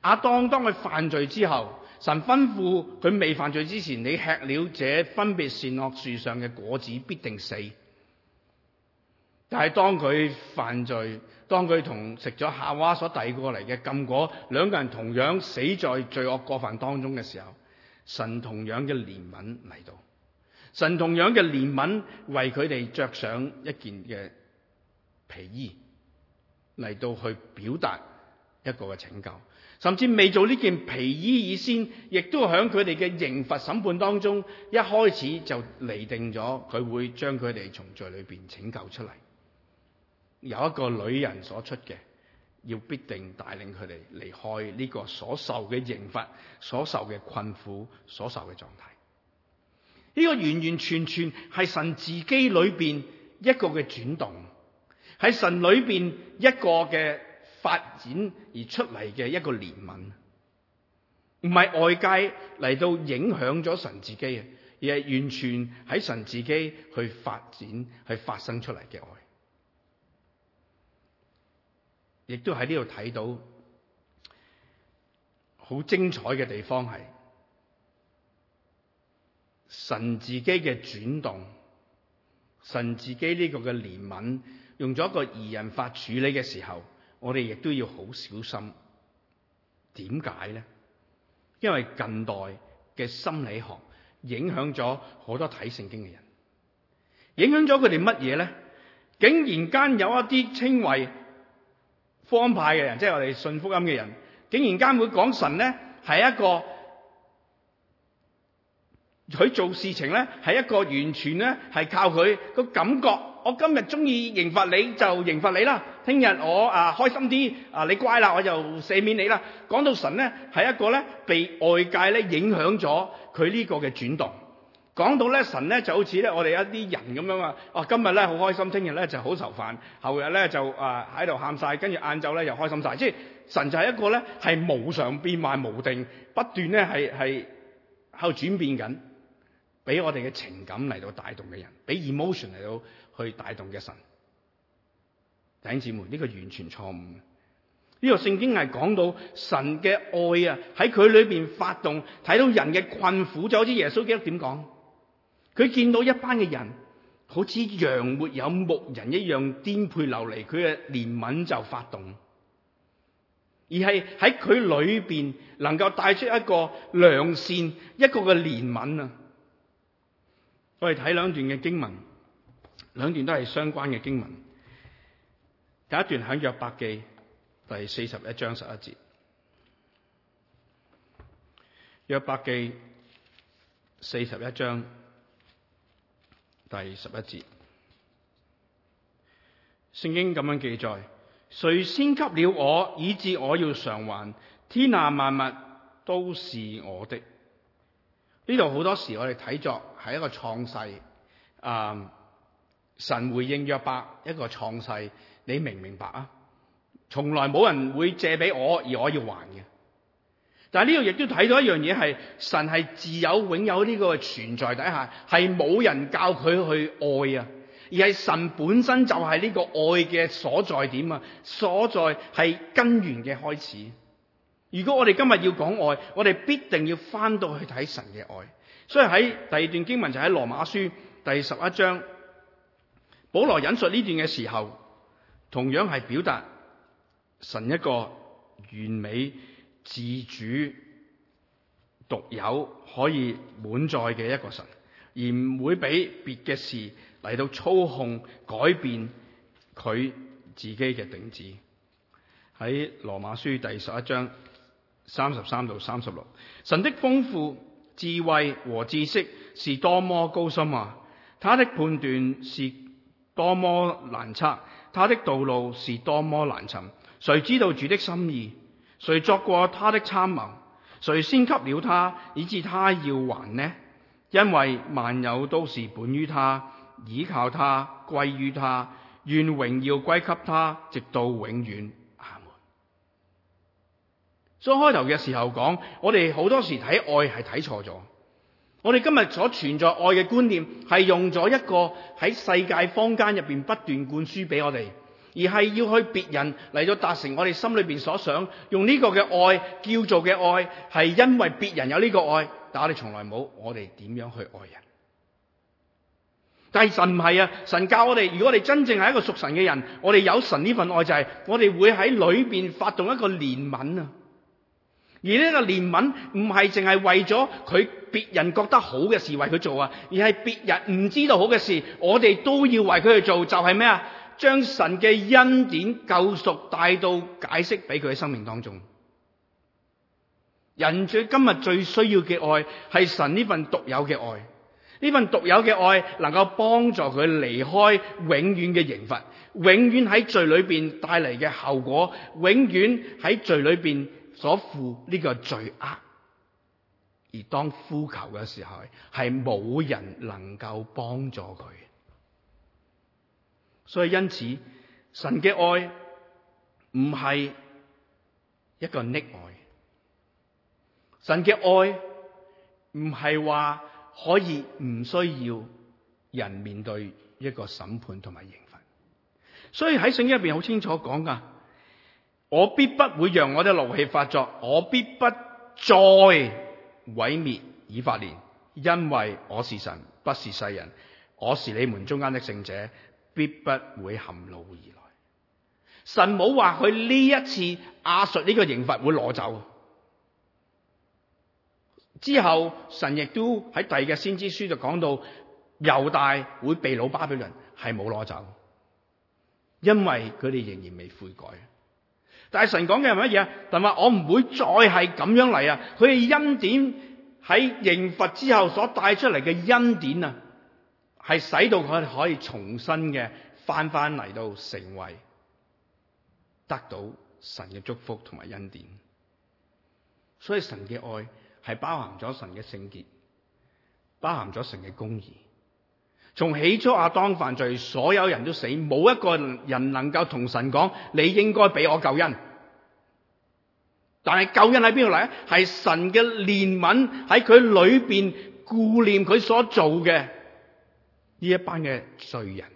亞當當佢犯罪之後，神吩咐佢未犯罪之前，你吃了這分別善惡樹上嘅果子必定死。但係當佢犯罪，當佢同食咗夏娃所遞過嚟嘅禁果，兩個人同樣死在罪惡過犯當中嘅時候。神同樣嘅憐憫嚟到，神同樣嘅憐憫為佢哋着上一件嘅皮衣嚟到去表達一個嘅拯救，甚至未做呢件皮衣以先，亦都響佢哋嘅刑罰審判當中一開始就嚟定咗，佢會將佢哋從罪裏邊拯救出嚟，有一個女人所出嘅。要必定帶領佢哋離開呢個所受嘅刑罰、所受嘅困苦、所受嘅狀態。呢、這個完完全全係神自己裏邊一個嘅轉動，喺神裏邊一個嘅發展而出嚟嘅一個憐憫，唔係外界嚟到影響咗神自己，啊，而係完全喺神自己去發展、去發生出嚟嘅愛。亦都喺呢度睇到好精彩嘅地方係神自己嘅轉動，神自己呢個嘅憐憫，用咗一個擬人法處理嘅時候，我哋亦都要好小心。點解咧？因為近代嘅心理學影響咗好多睇聖經嘅人，影響咗佢哋乜嘢咧？竟然間有一啲稱為方派嘅人，即係我哋信福音嘅人，竟然間會講神咧係一個，佢做事情咧係一個完全咧係靠佢個感覺。我今日中意刑罰你，就刑罰你啦。聽日我啊開心啲啊，你乖啦，我就赦免你啦。講到神咧係一個咧被外界咧影響咗佢呢個嘅轉動。講到咧，神咧就好似咧我哋一啲人咁樣啊！今日咧好開心，聽日咧就好愁煩，後日咧就啊喺度喊晒，跟住晏晝咧又開心晒。即係神就係一個咧係無常變幻、無定不斷咧係係喺度轉變緊，俾我哋嘅情感嚟到帶動嘅人，俾 emotion 嚟到去帶動嘅神。弟兄姊妹，呢個完全錯誤。呢個聖經係講到神嘅愛啊，喺佢裏邊發動，睇到人嘅困苦，就好似耶穌基督點講？佢見到一班嘅人好似羊沒有牧人一樣，顛沛流離，佢嘅憐憫就發動，而係喺佢裏邊能夠帶出一個良善，一個嘅憐憫啊！我哋睇兩段嘅經文，兩段都係相關嘅經文。第一段喺約伯記第四十一章十一節，約伯記四十一章。第十一節，聖經咁樣記載：誰先給了我，以至我要償還？天下萬物都是我的。呢度好多時我哋睇作係一個創世，啊、嗯，神回應約伯一個創世，你明唔明白啊？從來冇人會借俾我，而我要還嘅。但係呢度亦都睇到一樣嘢，係神係自有、永有呢個存在底下，係冇人教佢去愛啊，而係神本身就係呢個愛嘅所在點啊，所在係根源嘅開始。如果我哋今日要講愛，我哋必定要翻到去睇神嘅愛。所以喺第二段經文就喺羅馬書第十一章，保羅引述呢段嘅時候，同樣係表達神一個完美。自主獨有可以滿載嘅一個神，而唔會俾別嘅事嚟到操控改變佢自己嘅定志。喺羅馬書第十一章三十三到三十六，神的豐富智慧和知識是多麽高深啊！他的判斷是多麽難測，他的道路是多麽難尋，誰知道主的心意？誰作過他的參謀？誰先給了他，以致他要還呢？因為萬有都是本於他，倚靠他，歸於他，願榮耀歸給他，直到永遠。阿門。所以開頭嘅時候講，我哋好多時睇愛係睇錯咗。我哋今日所存在愛嘅觀念，係用咗一個喺世界坊間入邊不斷灌輸俾我哋。而係要去別人嚟到達成我哋心裏邊所想，用呢個嘅愛叫做嘅愛，係因為別人有呢個愛，但我哋從來冇。我哋點樣去愛人？但係神唔係啊，神教我哋，如果我哋真正係一個屬神嘅人，我哋有神呢份愛就係、是、我哋會喺裏邊發動一個憐憫啊！而呢個憐憫唔係淨係為咗佢別人覺得好嘅事為佢做啊，而係別人唔知道好嘅事，我哋都要為佢去做，就係咩啊？將神嘅恩典救贖帶到解釋俾佢喺生命當中，人最今日最需要嘅愛係神呢份獨有嘅愛，呢份獨有嘅愛能夠幫助佢離開永遠嘅刑罰，永遠喺罪裏邊帶嚟嘅後果，永遠喺罪裏邊所負呢個罪軛。而當呼求嘅時候係冇人能夠幫助佢。所以因此，神嘅愛唔係一個溺愛，神嘅愛唔係話可以唔需要人面對一個審判同埋刑罰。所以喺聖經入邊好清楚講噶，我必不會讓我的怒氣發作，我必不再毀滅以法蓮，因為我是神，不是世人，我是你們中間的聖者。必不會含怒而來。神冇話佢呢一次亞述呢個刑罰會攞走，之後神亦都喺第二嘅先知書就講到猶大會被擄巴比倫係冇攞走，因為佢哋仍然未悔改。但係神講嘅係乜嘢啊？同埋我唔會再係咁樣嚟啊！佢嘅恩典喺刑罰之後所帶出嚟嘅恩典啊！係使到佢可以重新嘅翻翻嚟到成為，得到神嘅祝福同埋恩典。所以神嘅愛係包含咗神嘅聖潔，包含咗神嘅公義。從起初亞當犯罪，所有人都死，冇一個人能夠同神講：你應該俾我救恩。但係救恩喺邊度嚟咧？係神嘅憐憫喺佢裏邊顧念佢所做嘅。呢一班嘅罪人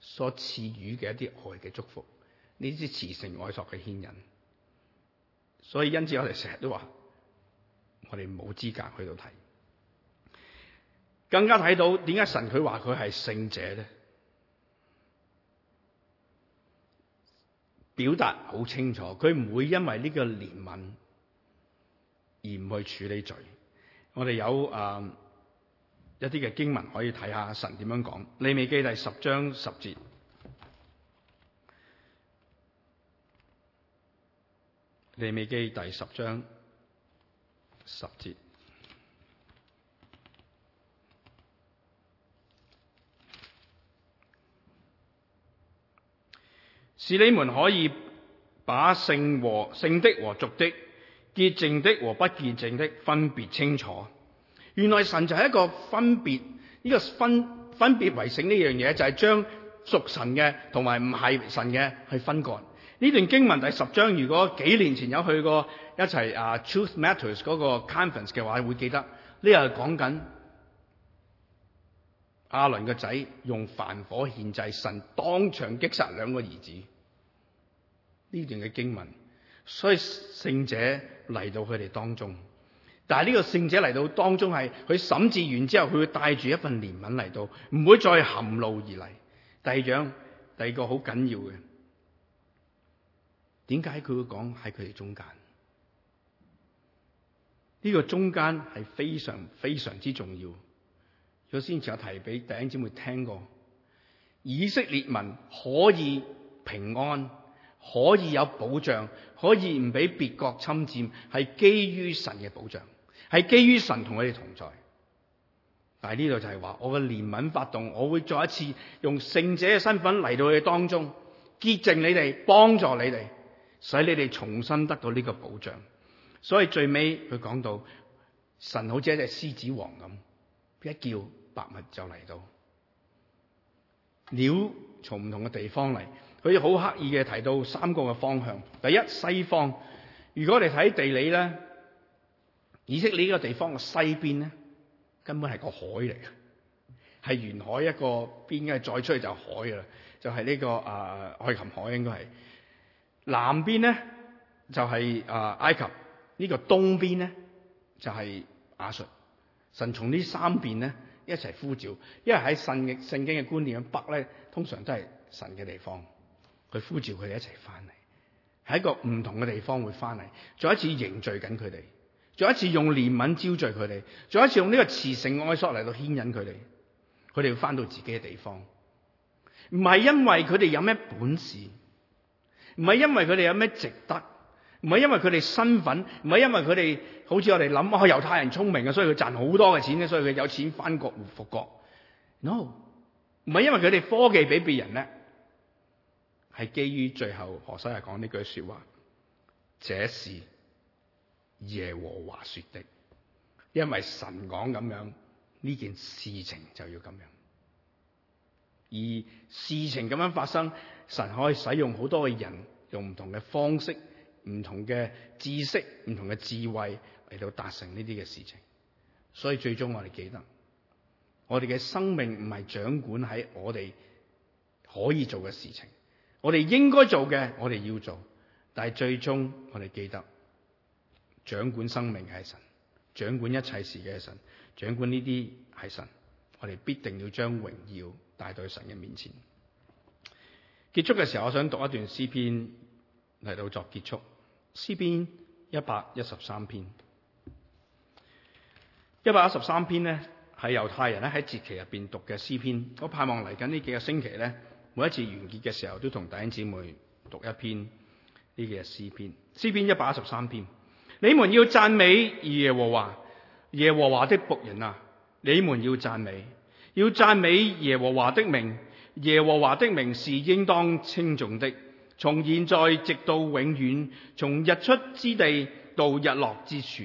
所賜予嘅一啲愛嘅祝福，呢啲慈繩愛索嘅牽引，所以因此我哋成日都話，我哋冇資格去到睇，更加睇到點解神佢話佢係聖者咧？表達好清楚，佢唔會因為呢個憐憫而唔去處理罪。我哋有啊。呃一啲嘅經文可以睇下神，神點樣講？利未記第十章十節，利未記第十章十節，使你們可以把聖和聖的和俗的、潔淨的和不潔淨的分別清楚。原來神就係一個分別，呢個分分別為聖呢樣嘢，就係、是、將屬神嘅同埋唔係神嘅去分割。呢段經文第十章，如果幾年前有去過一齊啊、uh, Truth Matters 嗰個 conference 嘅話，會記得呢。又講緊阿倫個仔用凡火獻祭，神當場擊殺兩個兒子呢段嘅經文。所以聖者嚟到佢哋當中。但係呢個聖者嚟到當中係佢審判完之後，佢會帶住一份憐憫嚟到，唔會再含怒而嚟。第二樣，第二個好緊要嘅，點解佢會講喺佢哋中間？呢、這個中間係非常非常之重要。首先我先有提俾弟兄姐妹聽過，以色列民可以平安，可以有保障，可以唔俾別國侵占，係基於神嘅保障。係基於神同佢哋同在，但係呢度就係話我嘅憐憫發動，我會再一次用聖者嘅身份嚟到佢哋當中，潔淨你哋，幫助你哋，使你哋重新得到呢個保障。所以最尾佢講到，神好似一隻獅子王咁，一叫百物就嚟到，鳥從唔同嘅地方嚟，佢好刻意嘅提到三個嘅方向。第一，西方，如果你睇地理呢。以色列呢個地方嘅西邊咧，根本係個海嚟嘅，係沿海一個邊嘅，再出去就係海噶啦，就係、是、呢、這個啊愛、呃、琴海應該係。南邊咧就係、是、啊、呃、埃及，呢、這個東邊咧就係亞述。神從呢三邊咧一齊呼召，因為喺神嘅聖經嘅觀念，北咧通常都係神嘅地方，佢呼召佢哋一齊翻嚟，喺一個唔同嘅地方會翻嚟，再一次凝聚緊佢哋。再一次用憐憫招聚佢哋，再一次用呢個慈繩愛索嚟到牽引佢哋，佢哋要翻到自己嘅地方。唔係因為佢哋有咩本事，唔係因為佢哋有咩值得，唔係因為佢哋身份，唔係因為佢哋好似我哋諗啊，猶太人聰明啊，所以佢賺好多嘅錢咧，所以佢有錢翻國復國。No，唔係因為佢哋科技俾別人咧，係基於最後何西阿講呢句說話，這是。耶和華說的，因為神講咁樣，呢件事情就要咁樣。而事情咁樣發生，神可以使用好多嘅人，用唔同嘅方式、唔同嘅知識、唔同嘅智慧嚟到達成呢啲嘅事情。所以最終我哋記得，我哋嘅生命唔係掌管喺我哋可以做嘅事情，我哋應該做嘅，我哋要做。但係最終我哋記得。掌管生命係神，掌管一切事嘅係神，掌管呢啲係神。我哋必定要將榮耀帶到去神嘅面前。結束嘅時候，我想讀一段詩篇嚟到作結束。詩篇一百一十三篇，一百一十三篇咧係猶太人咧喺節期入邊讀嘅詩篇。我盼望嚟緊呢幾個星期咧，每一次完結嘅時候，都同弟兄姊妹讀一篇呢幾日詩篇。詩篇一百一十三篇。你們要讚美耶和華，耶和華的僕人啊！你們要讚美，要讚美耶和華的名。耶和華的名是應當稱頌的，從現在直到永遠，從日出之地到日落之處。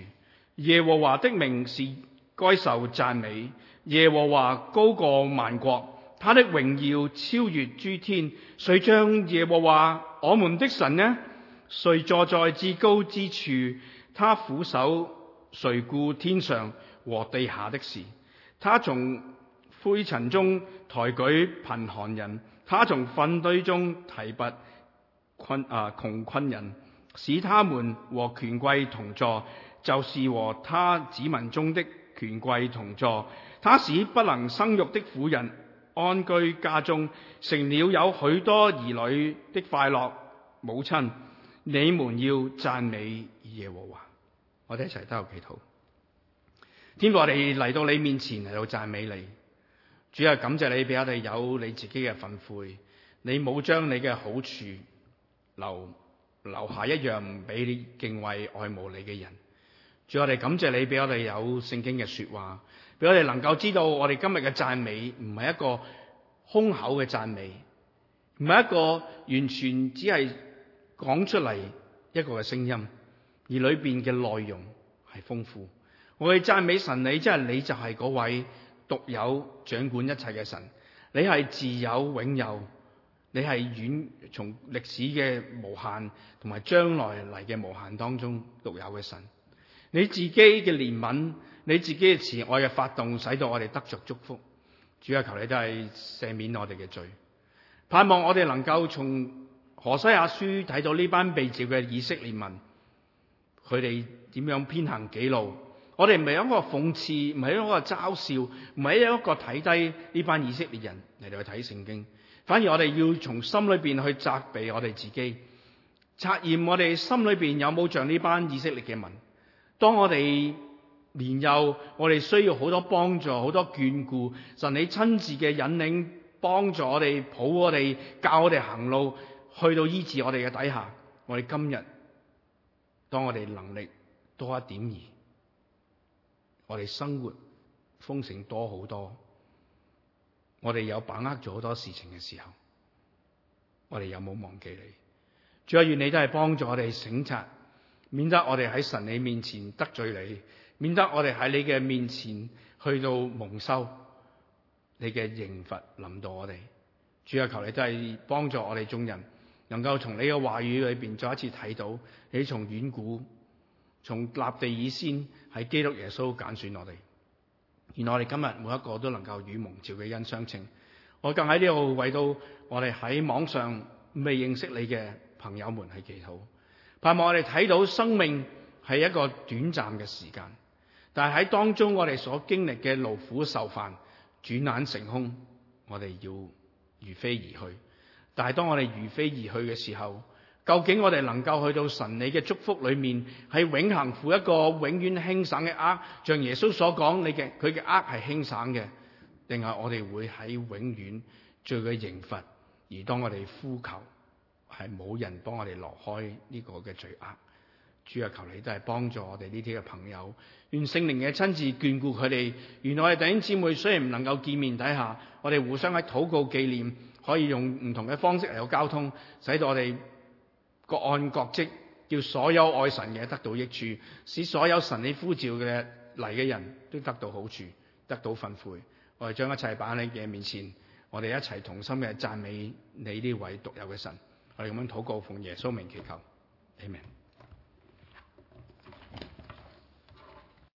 耶和華的名是該受讚美。耶和華高過萬國，他的榮耀超越諸天。誰將耶和華我們的神呢？誰坐在至高之處？他俯首垂顧天上和地下的事，他從灰塵中抬舉貧寒人，他從糞堆中提拔困啊窮困人，使他們和權貴同坐，就是和他子民中的權貴同坐。他使不能生育的婦人安居家中，成了有許多兒女的快樂母親。你們要讚美耶和華，我哋一齊低頭祈禱。天父，我哋嚟到你面前嚟到讚美你，主啊，感謝你俾我哋有你自己嘅訓誨，你冇將你嘅好處留留下一樣唔俾敬畏愛慕你嘅人。主，我哋感謝你俾我哋有聖經嘅說話，俾我哋能夠知道我哋今日嘅讚美唔係一個空口嘅讚美，唔係一個完全只係。講出嚟一個嘅聲音，而裏邊嘅內容係豐富。我哋讚美神你，你即係你就係嗰位獨有掌管一切嘅神，你係自有永有，你係遠從歷史嘅無限同埋將來嚟嘅無限當中獨有嘅神。你自己嘅憐憫，你自己嘅慈愛嘅發動，使到我哋得着祝福。主啊，求你都係赦免我哋嘅罪，盼望我哋能夠從。何西亞書睇到呢班被召嘅以色列民，佢哋點樣偏行己路？我哋唔係一個諷刺，唔係一個嘲笑，唔係一個睇低呢班以色列人嚟到去睇聖經。反而我哋要從心裏邊去責備我哋自己，察驗我哋心裏邊有冇像呢班以色列嘅民。當我哋年幼，我哋需要好多幫助、好多眷顧。神你親自嘅引領，幫助我哋，抱我哋，教我哋行路。去到醫治我哋嘅底下，我哋今日當我哋能力多一點兒，我哋生活豐盛多好多，我哋有把握咗好多事情嘅時候，我哋有冇忘記你？主啊，願你都係幫助我哋省察，免得我哋喺神你面前得罪你，免得我哋喺你嘅面前去到蒙羞，你嘅刑罰臨到我哋。主啊，求你都係幫助我哋眾人。能夠從你嘅話語裏邊再一次睇到你從遠古從立地以先係基督耶穌揀選我哋，原來我哋今日每一個都能夠與蒙召嘅恩相稱。我更喺呢度為到我哋喺網上未認識你嘅朋友們係祈禱，盼望我哋睇到生命係一個短暫嘅時間，但係當中我哋所經歷嘅勞苦愁煩，轉眼成空，我哋要如飛而去。但係當我哋如飛而去嘅時候，究竟我哋能夠去到神你嘅祝福裏面，係永恒負一個永遠輕省嘅軛？像耶穌所講，你嘅佢嘅軛係輕省嘅，定係我哋會喺永遠罪嘅刑罰？而當我哋呼求，係冇人幫我哋落開呢個嘅罪軛。主啊，求你都係幫助我哋呢啲嘅朋友，願聖靈嘅親自眷顧佢哋。原來我哋弟兄姊妹雖然唔能夠見面底下，我哋互相喺禱告紀念。可以用唔同嘅方式嚟到交通，使到我哋各按各職，叫所有愛神嘅得到益處，使所有神你呼召嘅嚟嘅人都得到好處，得到悔悔。我哋將一切擺喺你嘅面前，我哋一齊同心嘅讚美你呢位獨有嘅神。我哋咁樣禱告，奉耶穌名祈求，阿們。